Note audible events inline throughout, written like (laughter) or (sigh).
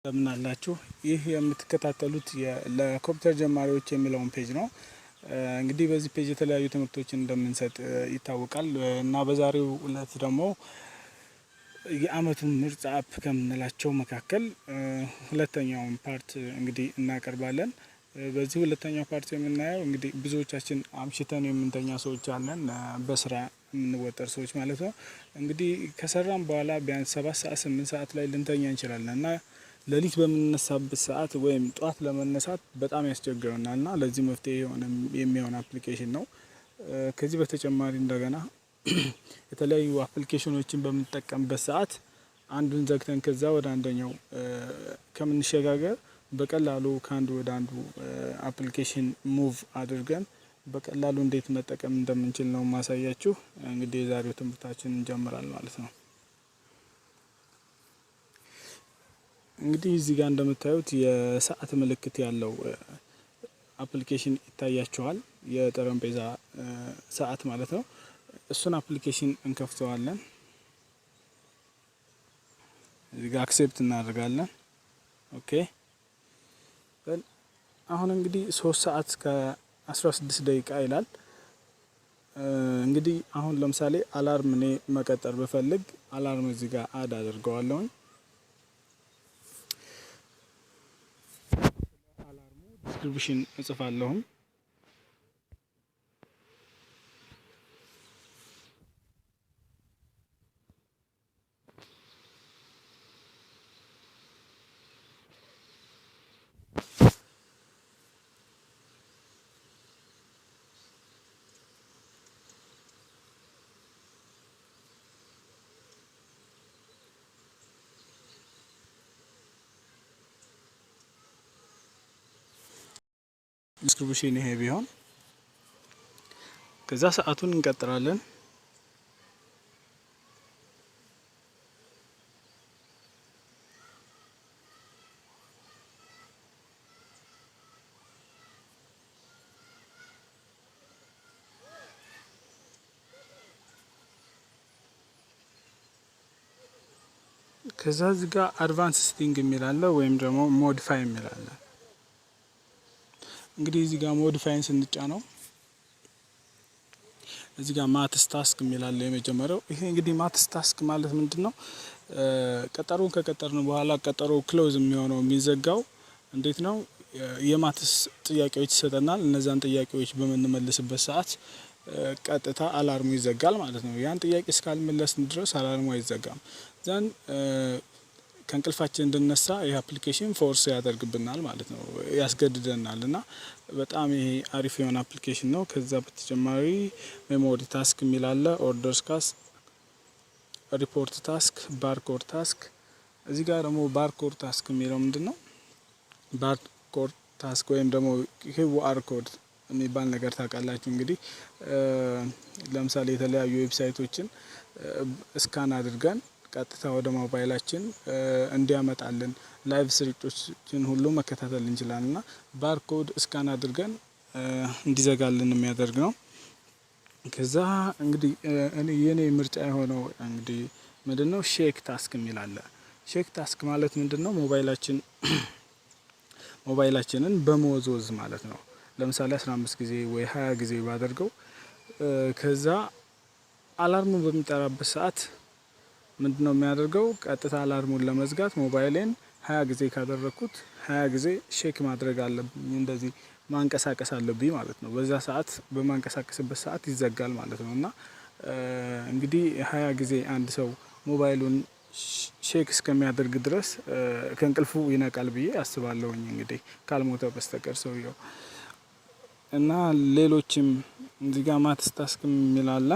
እንደምን አላችሁ። ይህ የምትከታተሉት ለኮምፒውተር ጀማሪዎች የሚለውን ፔጅ ነው። እንግዲህ በዚህ ፔጅ የተለያዩ ትምህርቶችን እንደምንሰጥ ይታወቃል እና በዛሬው እለት ደግሞ የአመቱን ምርጥ አፕ ከምንላቸው መካከል ሁለተኛውን ፓርት እንግዲህ እናቀርባለን። በዚህ ሁለተኛው ፓርት የምናየው እንግዲህ ብዙዎቻችን አምሽተን የምንተኛ ሰዎች አለን፣ በስራ የምንወጠር ሰዎች ማለት ነው። እንግዲህ ከሰራም በኋላ ቢያንስ ሰባት ሰዓት ስምንት ሰዓት ላይ ልንተኛ እንችላለን እና ሌሊት በምንነሳበት ሰዓት ወይም ጧት ለመነሳት በጣም ያስቸግረናል እና ለዚህ መፍትሄ የሆነ የሚሆን አፕሊኬሽን ነው። ከዚህ በተጨማሪ እንደገና (clears throat) የተለያዩ አፕሊኬሽኖችን በምንጠቀምበት ሰዓት አንዱን ዘግተን ከዛ ወደ አንደኛው ከምንሸጋገር በቀላሉ ከአንዱ ወደ አንዱ አፕሊኬሽን ሙቭ አድርገን በቀላሉ እንዴት መጠቀም እንደምንችል ነው ማሳያችሁ። እንግዲህ የዛሬው ትምህርታችን እንጀምራል ማለት ነው። እንግዲህ እዚህ ጋር እንደምታዩት የሰዓት ምልክት ያለው አፕሊኬሽን ይታያችኋል። የጠረጴዛ ሰዓት ማለት ነው። እሱን አፕሊኬሽን እንከፍተዋለን። እዚህ ጋር አክሴፕት እናደርጋለን። ኦኬ አሁን እንግዲህ ሶስት ሰዓት ከአስራ ስድስት ደቂቃ ይላል። እንግዲህ አሁን ለምሳሌ አላርም እኔ መቀጠር ብፈልግ አላርም እዚህ ጋር አድ አድርገዋለሁኝ ዲስክሪፕሽን እጽፋለሁም ዲስትሪቡሽን ይሄ ቢሆን ከዛ ሰዓቱን እንቀጥራለን። ከዛ እዚህ ጋር አድቫንስ ስቲንግ የሚላለ ወይም ደግሞ ሞዲፋይ የሚላለ እንግዲህ እዚህ ጋር ሞዲፋይን ስንጫ ነው እዚህ ጋር ማትስ ታስክ የሚላለ የመጀመሪያው ይሄ እንግዲህ ማትስ ታስክ ማለት ምንድን ነው? ቀጠሮን ከቀጠርን በኋላ ቀጠሮ ክሎዝ የሚሆነው የሚዘጋው እንዴት ነው? የማትስ ጥያቄዎች ይሰጠናል። እነዛን ጥያቄዎች በምንመልስበት ሰዓት ቀጥታ አላርሙ ይዘጋል ማለት ነው። ያን ጥያቄ እስካልመለስን ድረስ አላርሙ አይዘጋም። ዛን ከእንቅልፋችን እንድነሳ ይህ አፕሊኬሽን ፎርስ ያደርግብናል ማለት ነው፣ ያስገድደናል እና በጣም ይሄ አሪፍ የሆነ አፕሊኬሽን ነው። ከዛ በተጨማሪ ሜሞሪ ታስክ የሚላለ ኦርደርስ ካስክ፣ ሪፖርት ታስክ፣ ባርኮድ ታስክ። እዚህ ጋር ደግሞ ባርኮር ታስክ የሚለው ምንድን ነው? ባርኮር ታስክ ወይም ደግሞ ኪውአር ኮድ የሚባል ነገር ታውቃላችሁ። እንግዲህ ለምሳሌ የተለያዩ ዌብሳይቶችን እስካን አድርገን ቀጥታ ወደ ሞባይላችን እንዲያመጣልን ላይቭ ስርጭቶችን ሁሉ መከታተል እንችላለን እና ባርኮድ እስካን አድርገን እንዲዘጋልን የሚያደርግ ነው። ከዛ እንግዲህ የኔ ምርጫ የሆነው እንግዲህ ምንድን ነው ሼክ ታስክ የሚላለ ሼክ ታስክ ማለት ምንድን ነው? ሞባይላችን ሞባይላችንን በመወዝወዝ ማለት ነው። ለምሳሌ 15 ጊዜ ወይ 20 ጊዜ ባደርገው ከዛ አላርሙ በሚጠራበት ሰዓት ምንድነው የሚያደርገው? ቀጥታ አላርሙን ለመዝጋት ሞባይሌን ሀያ ጊዜ ካደረግኩት ሀያ ጊዜ ሼክ ማድረግ አለብኝ። እንደዚህ ማንቀሳቀስ አለብኝ ማለት ነው። በዛ ሰዓት በማንቀሳቀስበት ሰዓት ይዘጋል ማለት ነው። እና እንግዲህ ሀያ ጊዜ አንድ ሰው ሞባይሉን ሼክ እስከሚያደርግ ድረስ ከእንቅልፉ ይነቃል ብዬ አስባለሁኝ። እንግዲህ ካልሞተ በስተቀር ሰውየው እና ሌሎችም እዚጋ ማትስታስክ የሚላላ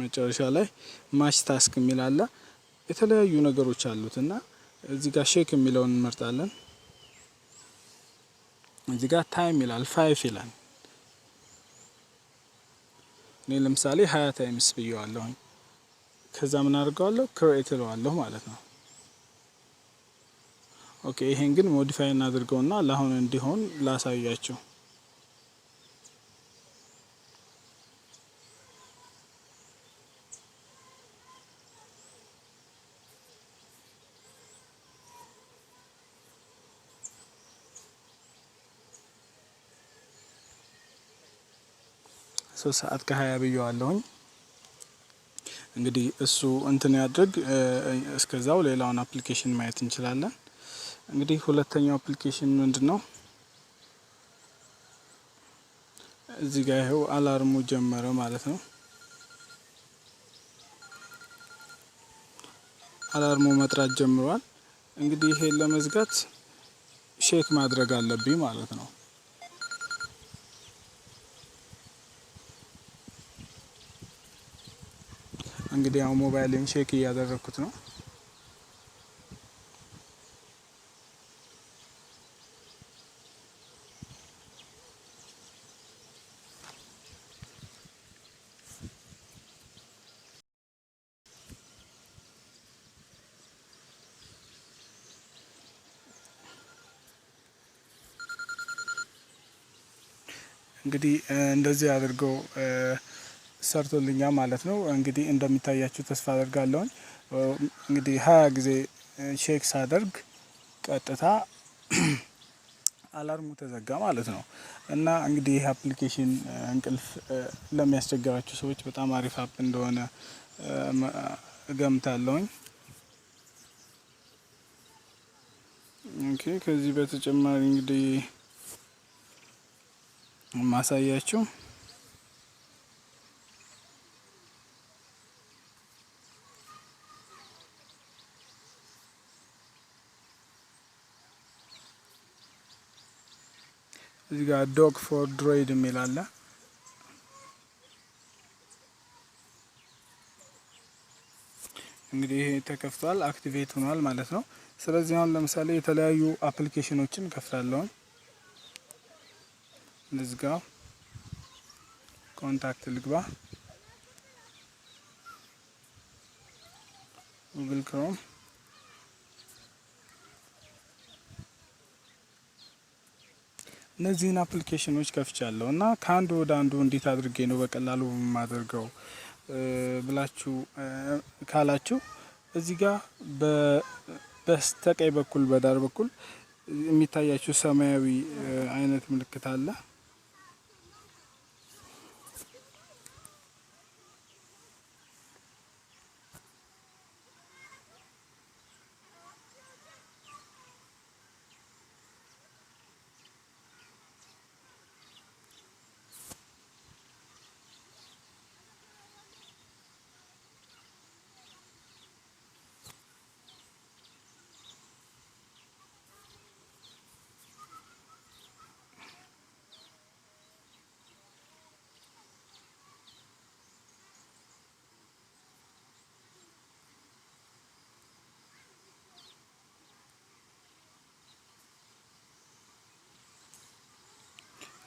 መጨረሻ ላይ ማች ታስክ የሚል አለ። የተለያዩ ነገሮች አሉት እና እዚህ ጋር ሼክ የሚለውን እንመርጣለን። እዚህ ጋር ታይም ይላል፣ ፋይፍ ይላል። እኔ ለምሳሌ ሀያ ታይምስ ብየዋለሁኝ። ከዛ ምን አድርገዋለሁ? ክሬት እለዋለሁ ማለት ነው። ኦኬ ይሄን ግን ሞዲፋይ እናድርገውና ለአሁን እንዲሆን ላሳያችሁ። ሶስት ሰዓት ከሀያ ብየዋለሁኝ። እንግዲህ እሱ እንትን ያድርግ። እስከዛው ሌላውን አፕሊኬሽን ማየት እንችላለን። እንግዲህ ሁለተኛው አፕሊኬሽን ምንድን ነው? እዚህ ጋር ይኸው አላርሙ ጀመረ ማለት ነው። አላርሙ መጥራት ጀምሯል። እንግዲህ ይሄን ለመዝጋት ሼክ ማድረግ አለብኝ ማለት ነው። እንግዲህ ያው ሞባይልን ሼክ እያደረግኩት ነው። እንግዲህ እንደዚህ አድርገው ሰርቶልኛ ማለት ነው። እንግዲህ እንደሚታያችሁ ተስፋ አደርጋለሁኝ። እንግዲህ ሀያ ጊዜ ሼክ ሳደርግ ቀጥታ አላርሙ ተዘጋ ማለት ነው። እና እንግዲህ ይህ አፕሊኬሽን እንቅልፍ ለሚያስቸግራችሁ ሰዎች በጣም አሪፍ አፕ እንደሆነ እገምታለሁኝ። ኦኬ ከዚህ በተጨማሪ እንግዲህ ማሳያችሁ እዚህ ጋር ዶክ ፎር ድሮይድ የሚል አለ። እንግዲህ ይሄ ተከፍቷል፣ አክቲቬት ሆኗል ማለት ነው። ስለዚህ አሁን ለምሳሌ የተለያዩ አፕሊኬሽኖችን ከፍላለሁ። እዚህ ጋር ኮንታክት ልግባ፣ ጉግል ክሮም እነዚህን አፕሊኬሽኖች ከፍቻለሁ እና ከአንዱ ወደ አንዱ እንዴት አድርጌ ነው በቀላሉ የማደርገው ብላችሁ ካላችሁ እዚህ ጋር በስተቀኝ በኩል በዳር በኩል የሚታያችሁ ሰማያዊ አይነት ምልክት አለ።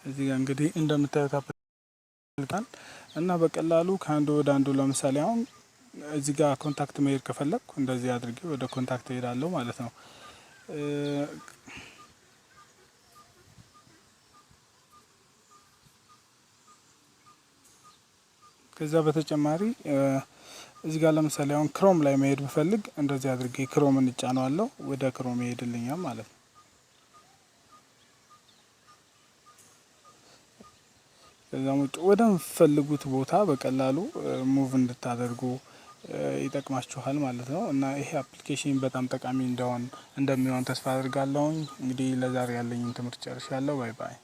እዚህ ጋር እንግዲህ እንደምታዩት እና በቀላሉ ከአንዱ ወደ አንዱ ለምሳሌ አሁን እዚህ ጋር ኮንታክት መሄድ ከፈለግኩ እንደዚህ አድርጌ ወደ ኮንታክት እሄዳለሁ ማለት ነው። ከዛ በተጨማሪ እዚህ ጋር ለምሳሌ አሁን ክሮም ላይ መሄድ ብፈልግ እንደዚህ አድርጌ ክሮምን እጫነዋለሁ ወደ ክሮም ይሄድልኛል ማለት ነው። ከዛም ውጭ ወደምፈልጉት ቦታ በቀላሉ ሙቭ እንድታደርጉ ይጠቅማችኋል ማለት ነው እና ይሄ አፕሊኬሽን በጣም ጠቃሚ እንደሆን እንደሚሆን ተስፋ አድርጋለሁኝ። እንግዲህ ለዛሬ ያለኝን ትምህርት ጨርሻለሁ። ባይ ባይ።